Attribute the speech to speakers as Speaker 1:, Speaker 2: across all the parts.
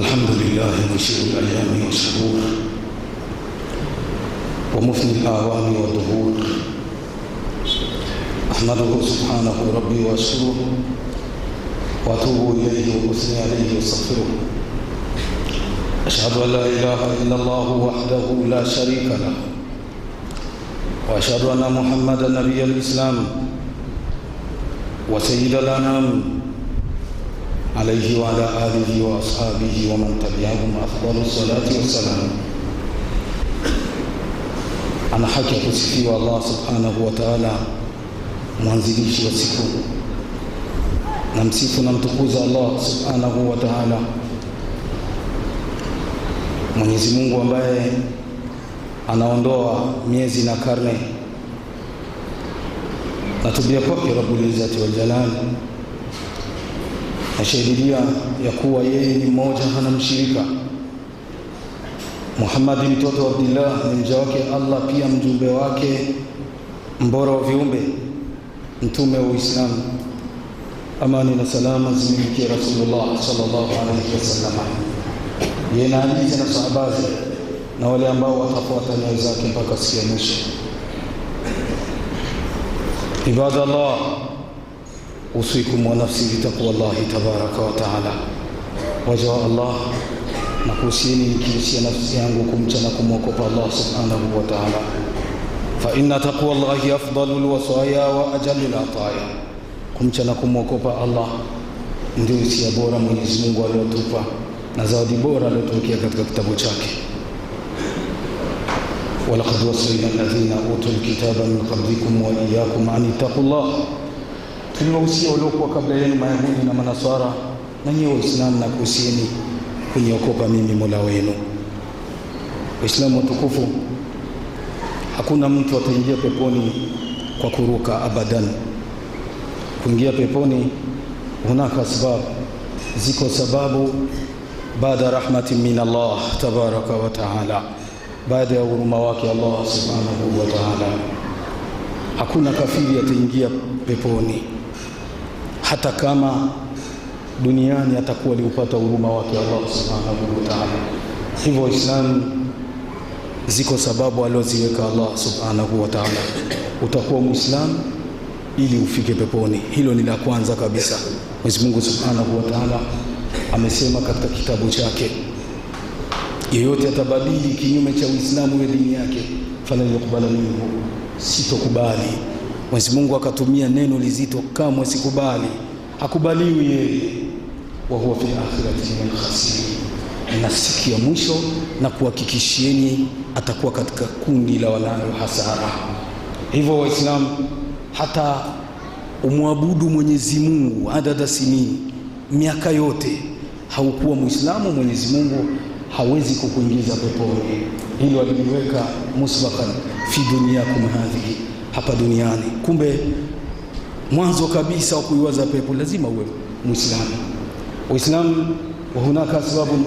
Speaker 1: الحمد لله مسير الأيام والشهور ومفني الاعوام والدهور أحمده سبحانه ربي وأشكره وأتوب إليه وأثني عليه وأستغفره أشهد أن لا إله إلا الله وحده لا شريك له وأشهد أن محمدا نبي الإسلام وسيد الأنام alaihi wa ala alihi wa ashabihi wa man tabi'ahum afdalu salati wassalam. Ana haki ya kusifiwa Allah subhanahu wa ta'ala, mwanzilishi wa siku, na msifu na mtukuza Allah subhanahu wa ta'ala, Mwenyezi Mungu ambaye anaondoa miezi na karne, natubia kwake Rabbul Izzati wal Jalal nashahidilia ya kuwa yeye ni mmoja, hana mshirika. Muhammadi mtoto wa Abdillah ni mja wake Allah, pia mjumbe wake, mbora wa viumbe, mtume wa Uislamu. Amani na salama zimfikie Rasulullah sallallahu alaihi wasallam, yeye na alizi na sahaba na wale ambao watafuata nyayo zake mpaka siku ya mwisho. Ibadallah usikum wa nafsi bitaqwa llahi tabaraka wa taala. Allah, na kuhusieni nikihusia nafsi yangu kumcha na kumwogopa Allah subhanahu wa taala. Fa inna taqwa llahi afdalul wasaya wa ajalul ataya, kumcha na kumwogopa Allah ndio usia bora Mwenyezi Mungu aliotupa na zawadi bora aliyotuwekea katika kitabu chake. walaqad wasaina alladhina utul kitaba min qablikum wa iyyakum an ittaqullah nimewahusia waliokuwa kabla yenu Mayahudi na Manaswara na nyiwe Waislamu na kuhusieni kuniokopa mimi Mola wenu. Waislamu watukufu, hakuna mtu ataingia peponi kwa kuruka abadan. Kuingia peponi hunaka sababu, ziko sababu baada rahmati min Allah tabaraka wa taala, baada ya huruma wake Allah subhanahu wataala Hakuna kafiri ataingia peponi hata kama duniani atakuwa aliupata huruma wake Allah subhanahu wa ta'ala. Hivyo Waislamu, ziko sababu alioziweka Allah subhanahu wa ta'ala, utakuwa mwislamu ili ufike peponi. Hilo ni la kwanza kabisa. Mwenyezi Mungu subhanahu wa ta'ala amesema katika kitabu chake, yeyote atabadili kinyume cha Uislamu ya dini yake, falan yuqbala minhu, sitokubali Mwenyezi Mungu akatumia neno lizito, kamwe sikubali, akubaliwi yeye. wa huwa fi akhirati min khasirin, na siku ya mwisho na kuhakikishieni atakuwa katika kundi la walalo hasara. Hivyo Waislamu, hata umwabudu Mwenyezi Mungu adada sinini, miaka yote haukuwa Muislamu, Mwenyezi Mungu hawezi kukuingiza peponi. Hilo aliliweka musbakan fi dunyakum hadhihi hapa duniani. Kumbe mwanzo kabisa wa kuiwaza pepo lazima uwe Muislamu. Waislamu wa hunaka sababu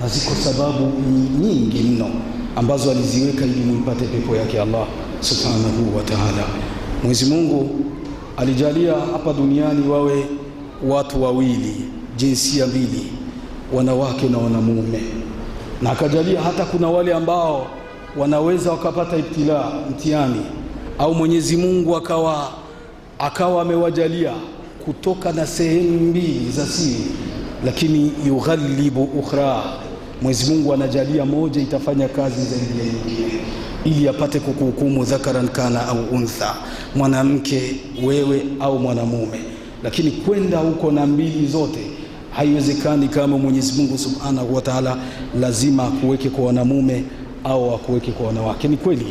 Speaker 1: na ziko sababu nyingi mno ambazo aliziweka ili muipate pepo yake Allah subhanahu wa ta'ala. Mwenyezi Mungu alijalia hapa duniani wawe watu wawili, jinsia mbili, wanawake na wanamume, na akajalia hata kuna wale ambao wanaweza wakapata ibtila, mtihani au Mwenyezi Mungu akawa akawa amewajalia kutoka na sehemu mbili za siri, lakini yughalibu ukhra, Mwenyezi Mungu anajalia moja itafanya kazi zaidi ya nyingine, ili apate kukuhukumu dhakaran kana au untha, mwanamke wewe au mwanamume. Lakini kwenda huko na mbili zote haiwezekani kama Mwenyezi Mungu Subhanahu wa Ta'ala lazima akuweke kwa wanamume au akuweke kwa wanawake. Ni kweli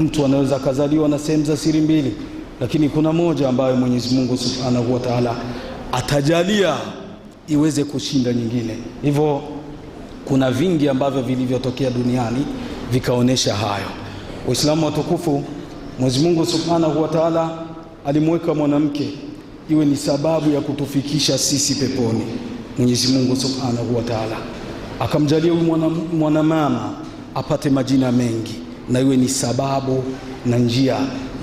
Speaker 1: Mtu anaweza akazaliwa na sehemu za siri mbili, lakini kuna moja ambayo Mwenyezi Mungu Subhanahu wa Ta'ala atajalia iweze kushinda nyingine. Hivyo kuna vingi ambavyo vilivyotokea duniani vikaonyesha hayo. Waislamu watukufu, Mwenyezi Mungu Subhanahu wa Ta'ala alimweka mwanamke iwe ni sababu ya kutufikisha sisi peponi. Mwenyezi Mungu Subhanahu wa Ta'ala akamjalia huyu mwanamama apate majina mengi na iwe ni sababu na njia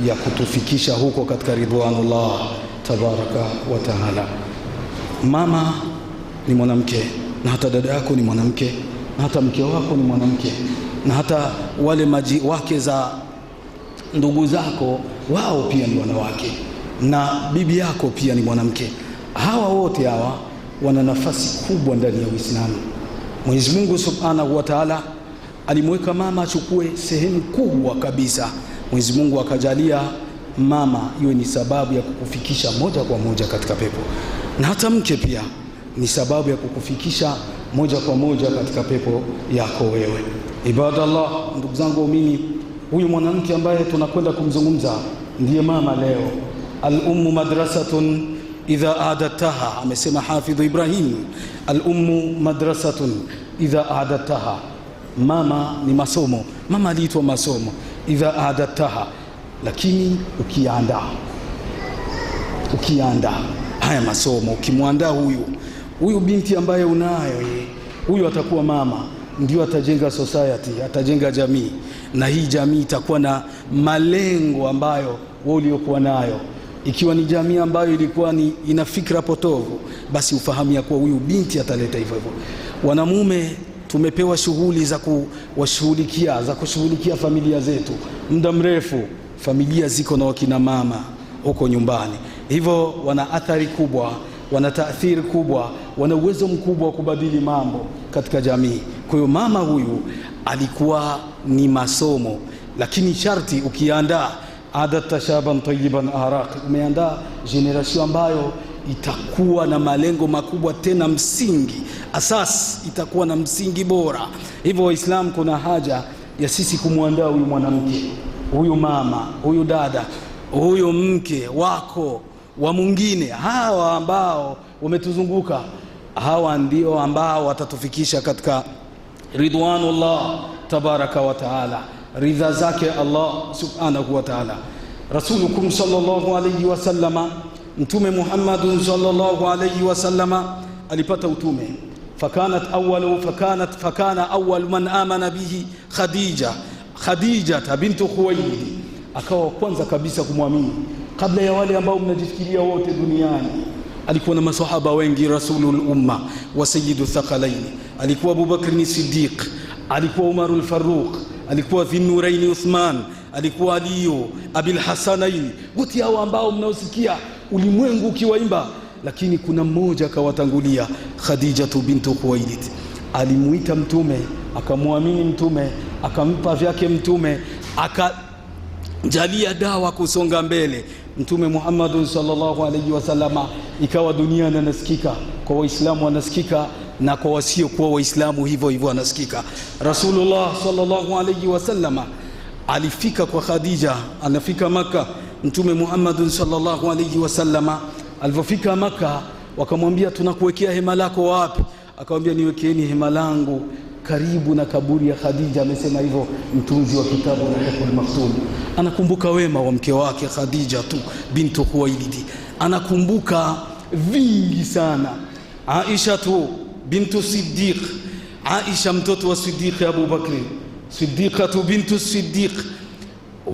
Speaker 1: ya kutufikisha huko katika ridwanullah tabaraka wa taala. Mama ni mwanamke na hata dada yako ni mwanamke na hata mke wako ni mwanamke na hata wale maji wake za ndugu zako wao pia ni wanawake na bibi yako pia ni mwanamke. Hawa wote hawa wana nafasi kubwa ndani ya Uislamu. Mwenyezi Mungu Subhanahu wa Ta'ala alimweka mama achukue sehemu kubwa kabisa. Mwenyezi Mungu akajalia mama iwe ni sababu ya kukufikisha moja kwa moja katika pepo, na hata mke pia ni sababu ya kukufikisha moja kwa moja katika pepo yako wewe. Ibadallah, ndugu zangu waumini, huyu mwanamke ambaye tunakwenda kumzungumza ndiye mama leo. Al-ummu madrasatun idha adattaha amesema Hafidhu Ibrahim, al-ummu madrasatun idha adattaha Mama ni masomo, mama aliitwa masomo. Idha adataha, lakini ukiandaa, ukiandaa haya masomo, ukimwandaa huyu huyu binti ambaye unayo huyu, atakuwa mama, ndio atajenga society, atajenga jamii, na hii jamii itakuwa na malengo ambayo wewe uliokuwa nayo ikiwa ni jamii ambayo ilikuwa ni ina fikra potovu, basi ufahamu ya kuwa huyu binti ataleta hivyo hivyo. Wanamume tumepewa shughuli za kuwashughulikia za kushughulikia familia zetu. Muda mrefu familia ziko na wakina mama huko nyumbani, hivyo wana athari kubwa, wana taathiri kubwa, wana uwezo mkubwa wa kubadili mambo katika jamii. Kwa hiyo mama huyu alikuwa ni masomo, lakini sharti ukiandaa ada tashaban tayyiban araq, umeandaa generation ambayo itakuwa na malengo makubwa, tena msingi asasi itakuwa na msingi bora. Hivyo Waislamu, kuna haja ya sisi kumwandaa huyu mwanamke, huyu mama, huyu dada, huyu mke wako wa mwingine, hawa ambao wametuzunguka, hawa ndio ambao watatufikisha katika ridwanullah tabaraka wa taala, ridha zake Allah subhanahu wa taala. Rasulukum sallallahu alayhi wasallama Mtume Muhammadun sallallahu alayhi wasallama alipata utume fakanat awwalu fakanat fakana awwal man amana bihi Khadija Khadija bintu Khuwaylid akawa kwanza kabisa kumwamini kabla ya wale ambao mnajifikiria wote duniani alikuwa na masahaba wengi rasulul umma wa sayyidu thaqalain alikuwa Abubakar Siddiq alikuwa Umar al-Faruq alikuwa Dhinurain Uthman alikuwa Aliyo Abil Hasanain wote hao ambao mnaosikia ulimwengu ukiwaimba, lakini kuna mmoja akawatangulia, Khadijatu bintu Khuwailid alimuita mtume, akamwamini mtume, akampa vyake mtume, akajalia dawa kusonga mbele Mtume Muhammadun sallallahu alaihi wasallama, ikawa duniani anasikika kwa Waislamu, anasikika na kwa wasiokuwa Waislamu hivyo hivyo anasikika. Rasulullah sallallahu alaihi wasallama alifika kwa Khadija, anafika Maka Mtume Muhammad sallallahu alayhi wasallama alivyofika Maka, wakamwambia tunakuwekea hema lako wapi? Akamwambia niwekeeni hema langu karibu na kaburi ya Khadija. Amesema hivyo mtunzi wa kitabu Nahjul Maktub, anakumbuka wema wa mke wake Khadija tu bintu Khuwailid, anakumbuka vingi sana. Aisha tu bintu Siddiq, Aisha mtoto wa Siddiq Abu Bakr, Siddiqatu bintu Siddiq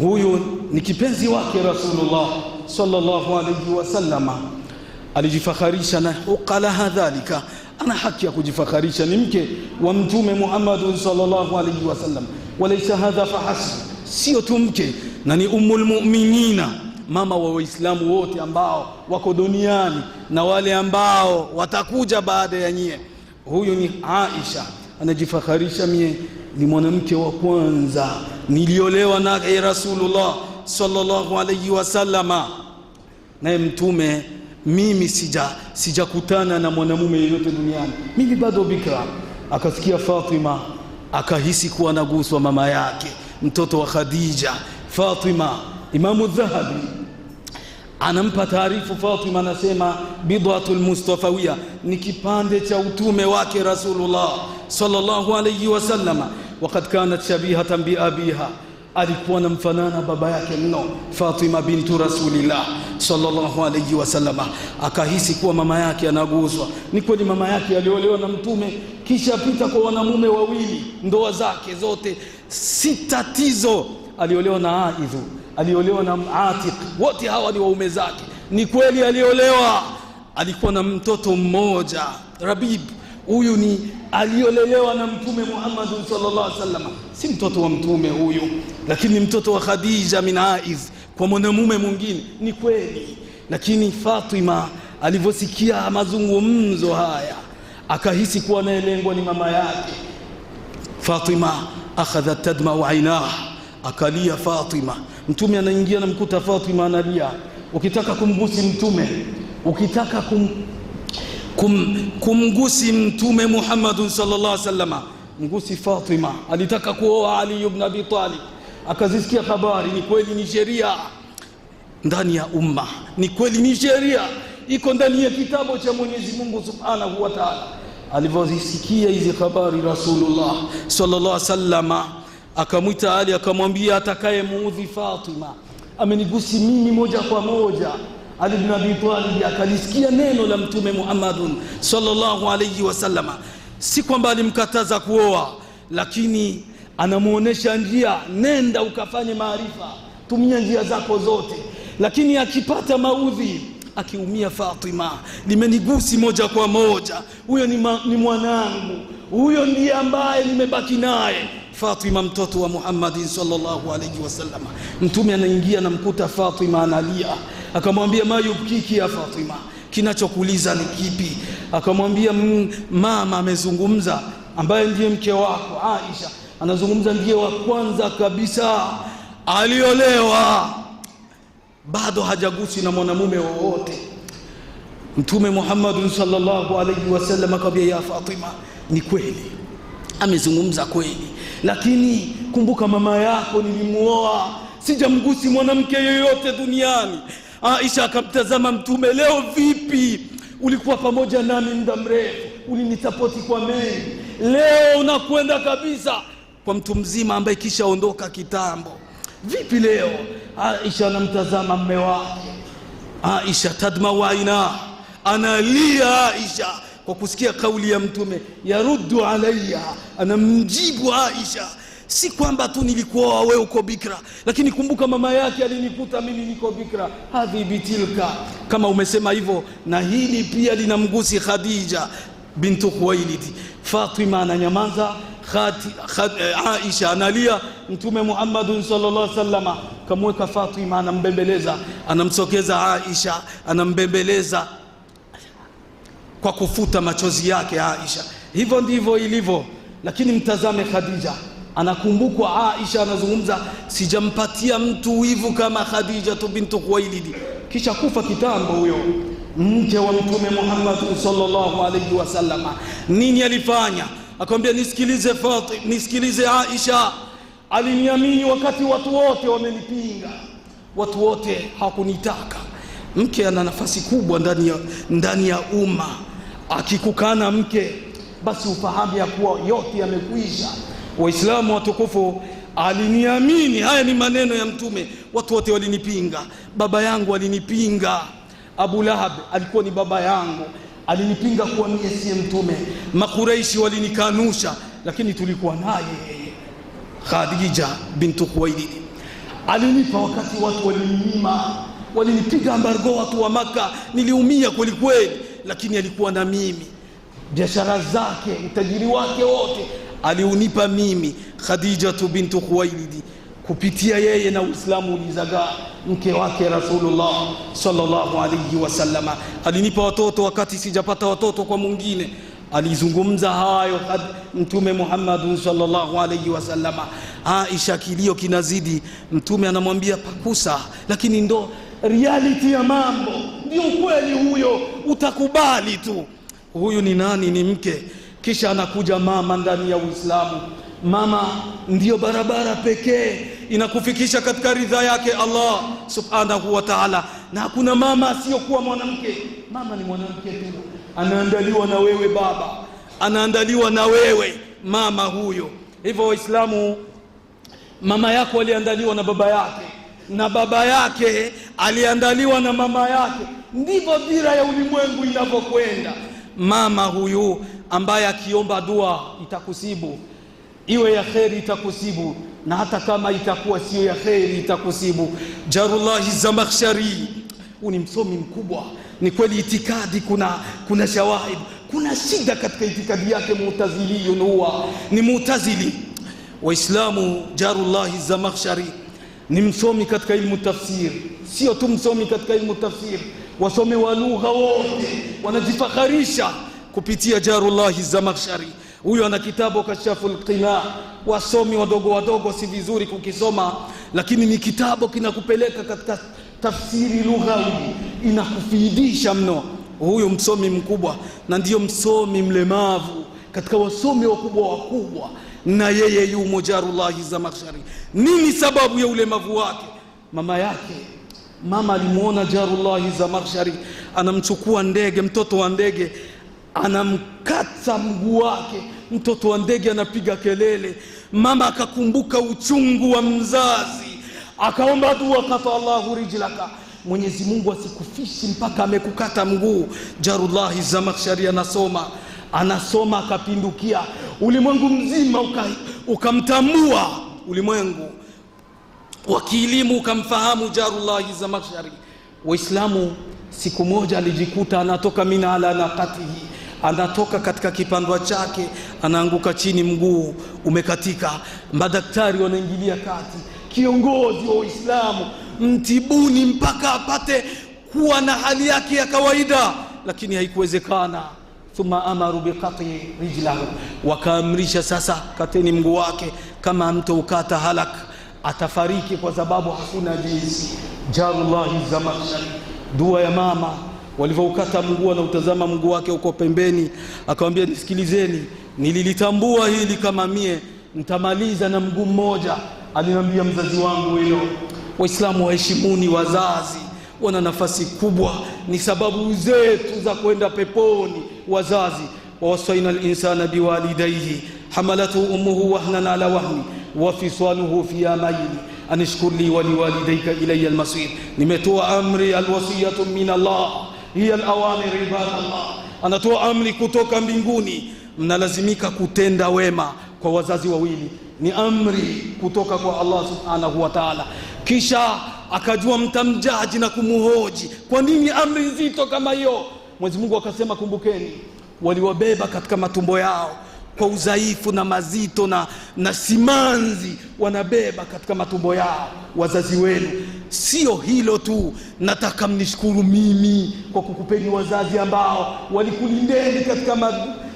Speaker 1: huyu ni kipenzi wake Rasulullah sallallahu alayhi wasallama, alijifakharisha na uqalaha dhalika, ana haki ya kujifakharisha, ni mke wa Mtume muhammadu sallallahu alayhi wasallam. Walaysa hadha fahasb, sio tu mke na ni ummul mu'minina, mama wa Waislamu wote ambao wako duniani na wale ambao watakuja baada ya nyie. Huyu ni Aisha, anajifakharisha mie ni mwanamke wa kwanza niliolewa naye Rasulullah sallallahu alayhi wasallama, naye Mtume, mimi sija sijakutana na mwanamume yeyote duniani, mimi bado bikra. Akasikia Fatima akahisi kuwa naguswa mama yake mtoto wa Khadija. Fatima, Imamu Dhahabi anampa taarifu Fatima, anasema bid'atul mustafawiya ni kipande cha utume wake Rasulullah sallallahu alayhi wasallama wakad kanat shabihatan biabiha alikuwa na mfanana baba yake mno, Fatima bintu Rasulillah sallallahu alayhi wasallam. Akahisi kuwa mama yake anaguzwa. Ni kweli mama yake aliolewa na Mtume, kisha pita kwa wanamume wawili, ndoa zake zote si tatizo. Aliolewa na Aidhu, aliolewa na Atiq, wote hawa ni waume zake. Ni kweli aliolewa, alikuwa na mtoto mmoja Rabib Huyu ni aliyolelewa na Mtume Muhammad sallallahu alaihi wasallam, si mtoto wa mtume huyu, lakini mtoto wa Khadija min Aiz kwa mwanamume mwingine. Ni kweli, lakini Fatima alivyosikia mazungumzo haya akahisi kuwa anayelengwa ni mama yake. Fatima akhadhat tadmau ainah, akalia Fatima. Mtume anaingia namkuta Fatima analia. Ukitaka kumgusi mtume, ukitaka kum kum, kumgusi Mtume Muhammadun sallallahu alaihi wasallam, mgusi Fatima. Alitaka kuoa Ali ibn Abi Talib, akazisikia habari. Ni kweli ni sheria ndani ya umma, ni kweli ni sheria iko ndani ya kitabu cha Mwenyezi Mungu Subhanahu wa Ta'ala. Alivyozisikia hizi habari, Rasulullah sallallahu alaihi wasallam akamwita Ali akamwambia, atakaye muudhi Fatima amenigusi mimi moja kwa moja ali bin Abi Talib akalisikia neno la Mtume Muhammadun sallallahu alayhi wasallam, si kwamba alimkataza kuoa, lakini anamwonyesha njia, nenda ukafanye maarifa, tumia njia zako zote. Lakini akipata maudhi, akiumia, Fatima, limenigusi moja kwa moja, huyo ni, ni mwanangu, huyo ndiye ambaye nimebaki naye Fatima mtoto wa Muhammadin sallallahu alayhi wasallam. Mtume anaingia, namkuta Fatima analia akamwambia mayub kiki ya Fatima, kinachokuuliza ni kipi? Akamwambia mama amezungumza, ambaye ndiye mke wako Aisha, anazungumza ndiye wa kwanza kabisa aliolewa, bado hajagusi na mwanamume wowote. Mtume Muhammad sallallahu alaihi wasallam akamwambia ya Fatima, ni kweli amezungumza kweli, lakini kumbuka mama yako nilimuoa, sijamgusi mwanamke yoyote duniani Aisha akamtazama Mtume, leo vipi? Ulikuwa pamoja nami muda mrefu, ulinitapoti kwa mengi, leo unakwenda kabisa kwa mtu mzima ambaye kishaondoka kitambo. Vipi leo? Aisha anamtazama mme wake. Aisha tadma waina, analia Aisha kwa kusikia kauli ya Mtume, yaruddu alaiya anamjibu Aisha si kwamba tu nilikuoa wewe uko bikra, lakini kumbuka mama yake alinikuta mimi niko bikra. Hadhi bitilka, kama umesema hivyo, na hili pia linamgusi Khadija bintu Khuwailid. Fatima ananyamaza, eh, Aisha analia, Mtume Muhammadun sallallahu alaihi wasallam kamweka Fatima, anambembeleza, anamsokeza Aisha, anambembeleza kwa kufuta machozi yake Aisha. Hivyo ndivyo ilivyo, lakini mtazame Khadija Anakumbukwa Aisha anazungumza, sijampatia mtu wivu kama Khadija bintu Khuwailid. Kisha kufa kitambo huyo mke wa Mtume Muhammad sallallahu alayhi wasallam, nini alifanya? Akamwambia, nisikilize Fatima, nisikilize Aisha, aliniamini wakati watu wote wamenipinga, watu wote hakunitaka Mke ana nafasi kubwa ndani ya, ndani ya umma. Akikukana mke, basi ufahamu ya kuwa yote yamekwisha. Waislamu watukufu, aliniamini. Haya ni maneno ya Mtume. Watu wote walinipinga, baba yangu alinipinga. Abu Lahab alikuwa ni baba yangu, alinipinga kuwa mie siye Mtume. Makuraishi walinikanusha, lakini tulikuwa naye. Khadija bintu Khuwailid alinipa wakati watu walininyima, walinipiga ambargo watu wa Maka. Niliumia kweli kweli, lakini alikuwa na mimi, biashara zake, utajiri wake wote aliunipa mimi Khadijatu bintu Khuwailidi kupitia yeye na Uislamu ulizagaa mke wake Rasulullah sallallahu alayhi wasallama alinipa watoto wakati sijapata watoto kwa mwingine. Alizungumza hayo Mtume Muhammadun sallallahu alayhi wasallama. Aisha kilio kinazidi, Mtume anamwambia pakusa, lakini ndo reality ya mambo, ndio kweli huyo, utakubali tu. Huyu ni nani? Ni mke kisha anakuja mama ndani ya Uislamu. Mama ndiyo barabara pekee inakufikisha katika ridha yake Allah subhanahu wa taala, na hakuna mama asiyokuwa mwanamke. Mama ni mwanamke tu, anaandaliwa na wewe baba, anaandaliwa na wewe mama huyo. Hivyo Waislamu, mama yako aliandaliwa na baba yake na baba yake aliandaliwa na mama yake. Ndivyo dira ya ulimwengu inavyokwenda mama huyu ambaye akiomba dua itakusibu, iwe ya kheri itakusibu, na hata kama itakuwa sio ya kheri itakusibu. Jarullahi Zamakhshari, huu ni msomi mkubwa. Ni kweli itikadi, kuna kuna shawahid, kuna shida katika itikadi yake. Mu'tazili yunua ni mu'tazili. Waislamu, Jarullahi Zamakhshari ni msomi katika ilmu tafsir, sio tu msomi katika ilmu tafsir wasomi wa lugha wote wanajifakharisha kupitia Jarullahi Zamakhshari. Huyo ana kitabu Kashaful Qina. Wasomi wadogo wadogo si vizuri kukisoma, lakini ni kitabu kinakupeleka katika tafsiri lughawi, inakufidisha mno. Huyo msomi mkubwa, na ndiyo msomi mlemavu katika wasomi wakubwa wakubwa, na yeye yumo Jarullahi Zamakhshari. Nini sababu ya ulemavu wake? Mama yake Mama alimuona Jarullahi Zamakhshari anamchukua ndege, mtoto wa ndege anamkata mguu wake, mtoto wa ndege anapiga kelele. Mama akakumbuka uchungu wa mzazi, akaomba dua, kata Allahu rijlaka, Mwenyezi Mungu asikufishi mpaka amekukata mguu. Jarullahi Zamakhshari anasoma anasoma, akapindukia, ulimwengu mzima ukamtambua uka ulimwengu wa kielimu ukamfahamu Jarullahi Zamakhshari. Waislamu siku moja alijikuta anatoka mina ala naqatihi, anatoka katika kipandwa chake, anaanguka chini, mguu umekatika. Madaktari wanaingilia kati, kiongozi wa Uislamu mtibuni mpaka apate kuwa na hali yake ya kawaida, lakini haikuwezekana. Thumma amaru biqati rijlahu, wakaamrisha sasa kateni mguu wake kama mto ukata halak atafariki kwa sababu hakuna jinsi. Jarullahi Zamakhshari, dua ya mama walivyoukata mguu, anautazama mguu wake uko pembeni, akamwambia nisikilizeni, nililitambua hili kama mie nitamaliza na mguu mmoja, aliniambia mzazi wangu hilo. Waislamu waheshimuni wazazi, wana nafasi kubwa, ni sababu zetu za kwenda peponi wazazi. Wawasaina linsana biwalidaihi hamalathu ummuhu wahnan ala wahni wafisaluhu fi amaini anishkur li waliwalidayka ilaya almasir. Nimetoa amri, alwasiyatu min Allah hiya alawamir. Ibadallah, anatoa amri kutoka mbinguni, mnalazimika kutenda wema kwa wazazi wawili. Ni amri kutoka kwa Allah subhanahu wa ta'ala. Kisha akajua mtamjaji na kumuhoji kwa nini amri nzito kama hiyo? Mwenyezi Mungu akasema, kumbukeni, waliwabeba katika matumbo yao kwa udhaifu na mazito na, na simanzi wanabeba katika matumbo yao wazazi wenu. Sio hilo tu, nataka mnishukuru mimi kwa kukupeni wazazi ambao walikulindeni katika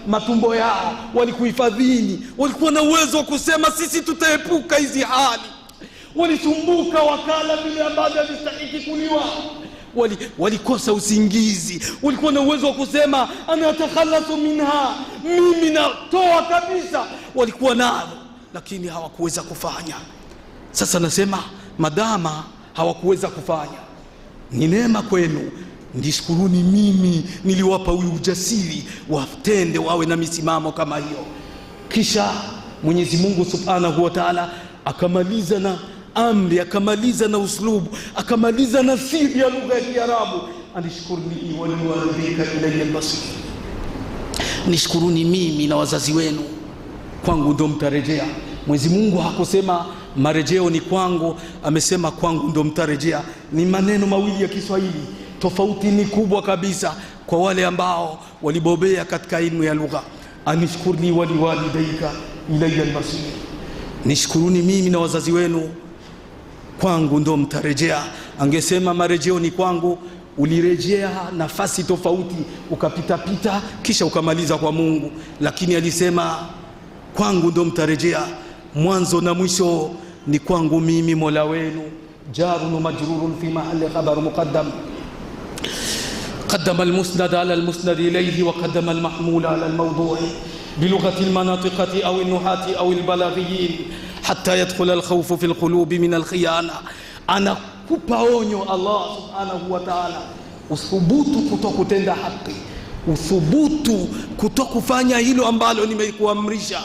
Speaker 1: matumbo yao, walikuhifadhini, walikuwa na uwezo wa kusema sisi tutaepuka hizi hali, walisumbuka wakala vile ambavyo havistahiki kuliwa wali, walikosa usingizi. walikuwa na uwezo wa kusema anatakhalasu minha, mimi natoa kabisa, walikuwa nalo, lakini hawakuweza kufanya. Sasa nasema madama hawakuweza kufanya, ni neema kwenu, ndishukuruni mimi niliwapa huyu ujasiri, watende wawe na misimamo kama hiyo. Kisha Mwenyezi Mungu Subhanahu wa Ta'ala akamaliza na amri, akamaliza na uslubu, akamaliza na siri ya lugha ya Kiarabu, anishkuruni waliwaadhika ilaya lmasir, nishukuruni mimi na wazazi wenu, kwangu ndo mtarejea. Mwenyezi Mungu hakusema marejeo ni kwangu, amesema kwangu ndo mtarejea. Ni maneno mawili ya Kiswahili, tofauti ni kubwa kabisa kwa wale ambao walibobea katika ilmu ya lugha. Anishkuruni waliwalidaika ilaya lmasir, nishukuruni mimi na wazazi wenu kwangu ndo mtarejea. Angesema marejeo ni kwangu, ulirejea nafasi tofauti, ukapitapita, kisha ukamaliza kwa Mungu, lakini alisema kwangu ndo mtarejea, mwanzo na mwisho ni kwangu mimi Mola wenu. jarun majrurun fi mahali khabar muqaddam qaddama almusnad ala almusnad ilayhi wa qaddama almahmul ala almawdu' bilughati almanatiqati aw alnuhati aw albalaghiyin hata yadkhula alkhawfu fi lqulubi min alkhiyana. Anakupa onyo Allah subhanahu wa ta'ala, uthubutu kutokutenda haki, uthubutu kutokufanya hilo ambalo nimekuamrisha,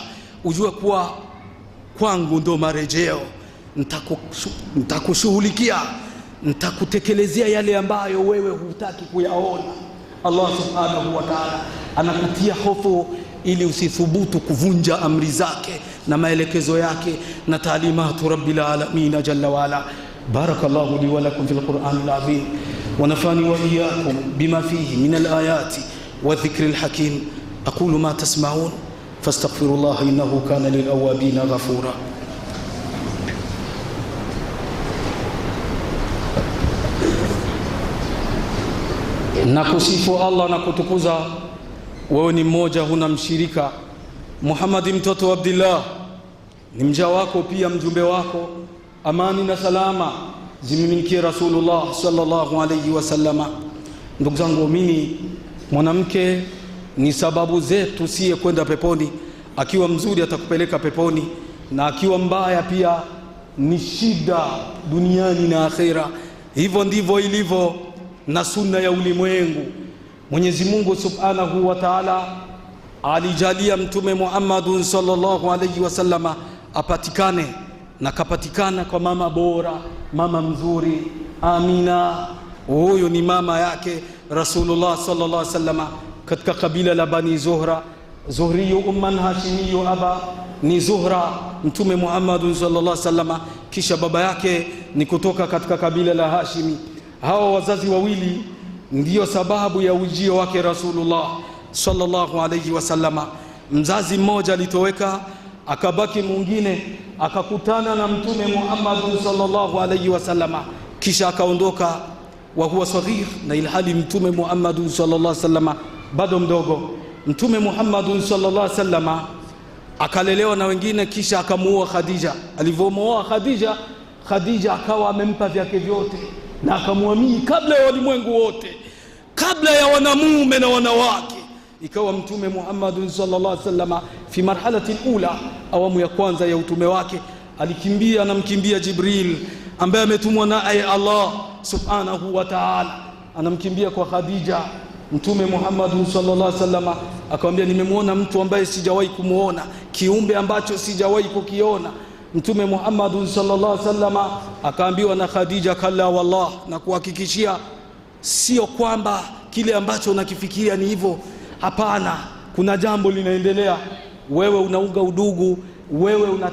Speaker 1: ujue kuwa kwangu ndo marejeo, ntakushughulikia ntakutekelezea yale ambayo wewe hutaki kuyaona. Allah subhanahu wa ta'ala anakutia hofu ili usithubutu kuvunja amri zake na maelekezo yake na taalimatu rabbil alamin jalla wala barakallahu li wa lakum fil qur'anil azim wa wa nafani iyyakum bima fihi min al ayati wa dhikri al hakim aqulu ma tasma'un فاستغفر الله إنه كان للأوابين غفورا na kusifu Allah na kutukuza wewe ni mmoja, huna mshirika. Muhammadi mtoto wa Abdillah ni mja wako pia mjumbe wako, amani na salama zimiminikie Rasulullah sallallahu alayhi wasallama. Ndugu zangu waumini, mwanamke ni sababu zetu siye kwenda peponi. Akiwa mzuri atakupeleka peponi, na akiwa mbaya pia ni shida duniani na akhera. Hivyo ndivyo ilivyo na sunna ya ulimwengu. Mwenyezi Mungu Subhanahu wa Ta'ala alijalia Mtume muhammadu sallallahu alayhi wasallama apatikane na kapatikana kwa mama bora, mama mzuri Amina. Huyo ni mama yake Rasulullah sallallahu alayhi wasallama katika kabila la Bani Zuhra, Zuhriyu umman Hashimiyu aba ni Zuhra Mtume muhammad sallallahu alayhi wasallama, kisha baba yake ni kutoka katika kabila la Hashimi. Hawa wazazi wawili ndiyo sababu ya ujio wake Rasulullah sallallahu alayhi wasallama. Mzazi mmoja alitoweka, akabaki mwingine, akakutana na Mtume Muhammad sallallahu alayhi wasallama, kisha akaondoka wa huwa saghir, na ilhali Mtume Muhammad sallallahu alayhi wasallama bado mdogo. Mtume Muhammad sallallahu alayhi wasallama akalelewa na wengine, kisha akamuoa Khadija. Alivyomwoa Khadija, Khadija akawa amempa vyake vyote na akamwamini kabla ya walimwengu wote kabla ya wanamume na wanawake ikawa mtume Muhammadun sallallahu alaihi wasallam fi marhalati alula, awamu ya kwanza ya utume wake alikimbia, anamkimbia Jibril ambaye ametumwa naye Allah subhanahu wa ta'ala, anamkimbia kwa Khadija. Mtume Muhammadun sallallahu alaihi wasallam akamwambia, nimemwona mtu ambaye sijawahi kumwona, kiumbe ambacho sijawahi kukiona. Mtume Muhammadun sallallahu alaihi wasallam akaambiwa na Khadija, kalla wallah, na kuhakikishia sio kwamba kile ambacho unakifikiria ni hivyo. Hapana, kuna jambo linaendelea. Wewe unaunga udugu, wewe una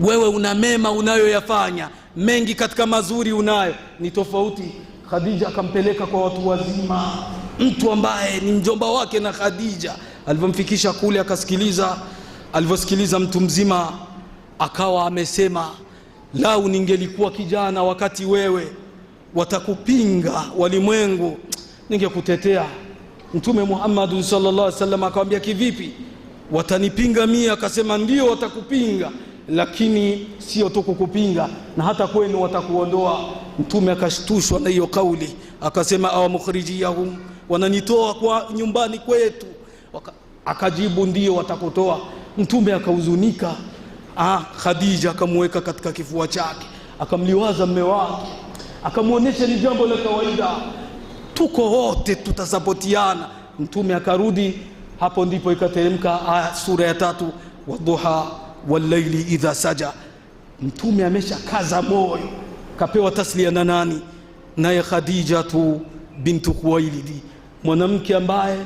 Speaker 1: wewe una mema unayoyafanya mengi, katika mazuri unayo. Ni tofauti. Khadija akampeleka kwa watu wazima, mtu ambaye ni mjomba wake na Khadija. Alivyomfikisha kule, akasikiliza. Alivyosikiliza mtu mzima, akawa amesema lau ningelikuwa kijana wakati wewe, watakupinga walimwengu ningekutetea. Mtume Muhammad sallallahu alaihi wasallam akamwambia, kivipi? Watanipinga mie? Akasema ndio, watakupinga lakini sio tu kukupinga, na hata kwenu watakuondoa. Mtume akashtushwa na hiyo kauli, akasema mukhrijiyahum, wananitoa kwa nyumbani kwetu? Akajibu ndio, watakutoa. Mtume akahuzunika. Ah, Khadija akamweka katika kifua chake, akamliwaza mme wake, akamwonyesha ni jambo la kawaida tuko wote tutasapotiana. Mtume akarudi, hapo ndipo ikateremka sura ya tatu, waduha walaili idha saja. Mtume amesha kaza moyo, kapewa taslia na nani? Naye Khadija tu bintu Khuwailidi, mwanamke ambaye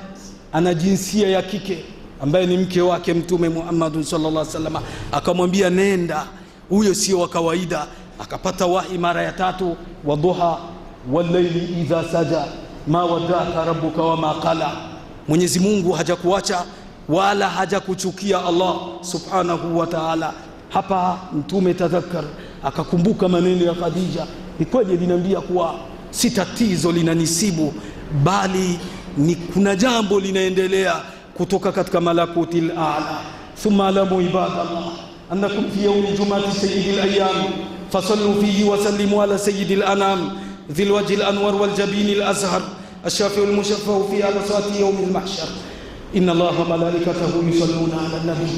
Speaker 1: ana jinsia ya kike, ambaye ni mke wake Mtume muhammadu sallallahu alaihi wasallam. Akamwambia, nenda, huyo sio wa kawaida. Akapata wahi mara ya tatu, waduha walaili idha saja ma wadaka rabbuka wama qala, Mwenyezi Mungu hajakuacha wala hajakuchukia Allah subhanahu wa ta'ala. Hapa Mtume tadhakkar, akakumbuka maneno ya Khadija. Ni kweli linaambia kuwa si tatizo linanisibu, bali ni kuna jambo linaendelea kutoka katika malakuti al-aala. Thumma alamu ibadallah annakum fi yawmi jumati al ayyam fasallu fihi wa sallimu ala al anam dhil al anwar wal al azhar الشافع المشفع في عدسات يوم المحشر إن الله ملائكته يصلون على النبي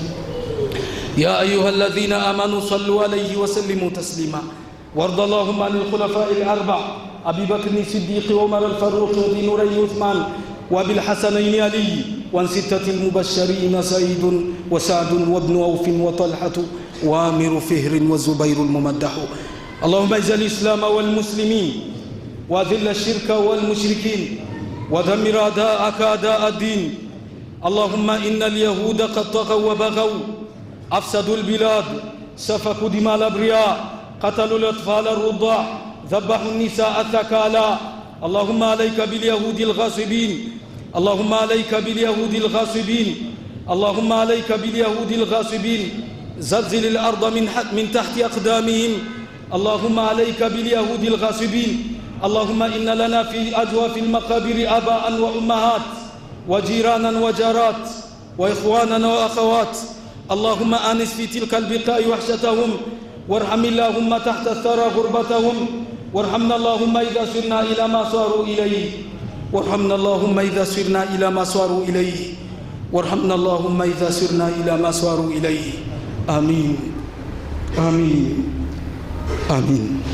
Speaker 1: يا أيها الذين آمنوا صلوا عليه وسلموا تسليما وارض اللهم عن الخلفاء الأربع أبي بكر الصديق ومر الفاروق وذي نوري عثمان وبالحسنين علي وعن ستة المبشرين سعيد وسعد وابن أوف وطلحة وامر فهر وزبير الممدح اللهم اجزل الإسلام والمسلمين وأذل الشرك والمشركين ودمر أداءك أداء الدين اللهم إن اليهود قد طغوا وبغوا أفسدوا البلاد سفكوا دماء الأبرياء قتلوا الأطفال الرضاع ذبحوا النساء الثكالى اللهم عليك باليهود الغاصبين اللهم عليك باليهود الغاصبين اللهم عليك باليهود الغاصبين زلزل الأرض من, من تحت أقدامهم اللهم عليك باليهود الغاصبين اللهم إن لنا في أجواف المقابر أباء وأمهات وجيرانا وجارات وإخوانا وأخوات اللهم آنس في تلك البقاء وحشتهم وارحم اللهم تحت الثرى غربتهم وارحمنا اللهم إذا سرنا إلى ما صاروا إليه وارحمنا اللهم إذا سرنا إلى ما صاروا إليه وارحمنا اللهم إذا سرنا إلى ما صاروا إليه آمين آمين آمين